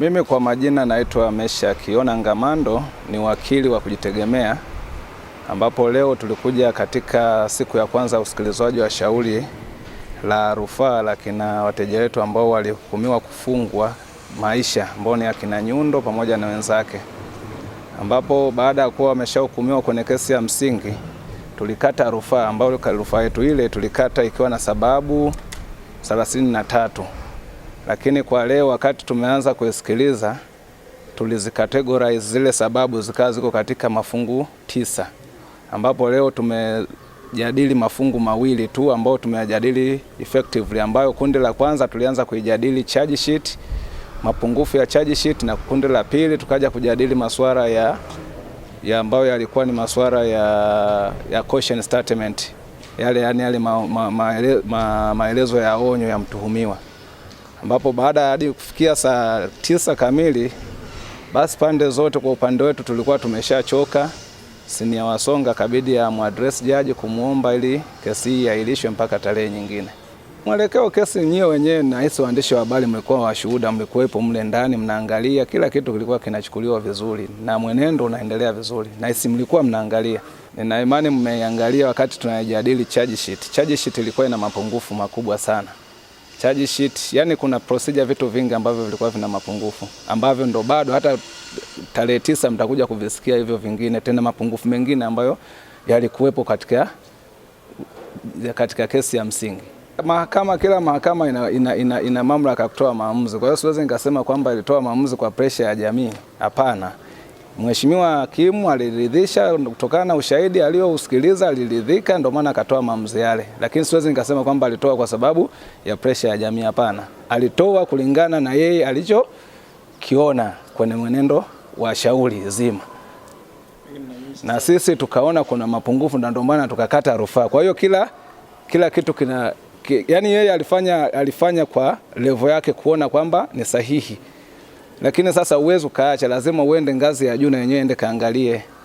Mimi kwa majina naitwa mesha kiona Ngamando, ni wakili wa kujitegemea ambapo leo tulikuja katika siku ya kwanza usikilizwaji wa shauri la rufaa la kina wateja wetu ambao walihukumiwa kufungwa maisha ambao ni akina Nyundo pamoja na wenzake, ambapo baada ya kuwa wameshahukumiwa kwenye kesi ya msingi tulikata rufaa, ambayo rufaa yetu ile tulikata ikiwa na sababu thelathini na tatu. Lakini kwa leo wakati tumeanza kusikiliza, tulizikategorize zile sababu zikawa ziko katika mafungu tisa, ambapo leo tumejadili mafungu mawili tu ambayo tumejadili effectively, ambayo kundi la kwanza tulianza kuijadili charge sheet, mapungufu ya charge sheet, na kundi la pili tukaja kujadili masuala ya ya ambayo yalikuwa ni masuala ya, ya caution statement yale, yani yale maelezo ma, ma, ma, ma, ya onyo ya mtuhumiwa ambapo baada ya hadi kufikia saa tisa kamili basi pande zote kwa upande wetu tulikuwa tumeshachoka. Sinia Wasonga kabidi ya mwadresi jaji kumwomba ili kesi hii iahirishwe mpaka tarehe nyingine. Mwelekeo kesi nyewe wenyewe, nahisi waandishi wa habari mlikuwa washuhuda, mlikuwepo mle ndani, mnaangalia kila kitu, kilikuwa kinachukuliwa vizuri na mwenendo unaendelea vizuri. Nahisi mlikuwa mnaangalia, nina imani mmeangalia wakati tunajadili charge sheet. Charge sheet ilikuwa ina mapungufu makubwa sana charge sheet, yani kuna procedure, vitu vingi ambavyo vilikuwa vina mapungufu ambavyo ndo bado hata tarehe tisa mtakuja kuvisikia hivyo vingine tena, mapungufu mengine ambayo yalikuwepo katika, katika kesi ya msingi. Mahakama, kila mahakama ina, ina, ina, ina mamlaka ya kutoa maamuzi. Kwa hiyo siwezi nikasema kwamba ilitoa maamuzi kwa presha ya jamii, hapana. Mheshimiwa Hakimu aliridhisha kutokana na ushahidi aliyousikiliza, aliridhika, ndio maana akatoa maamuzi yale, lakini siwezi nikasema kwamba alitoa kwa sababu ya presha ya jamii. Hapana, alitoa kulingana na yeye alichokiona kwenye mwenendo wa shauri zima, na sisi tukaona kuna mapungufu, na ndio maana tukakata rufaa. Kwa hiyo kila, kila kitu kina, yani yeye alifanya, alifanya kwa levo yake kuona kwamba ni sahihi lakini sasa uwezo kaacha, lazima uende ngazi ya juu na yenyewe ende kaangalie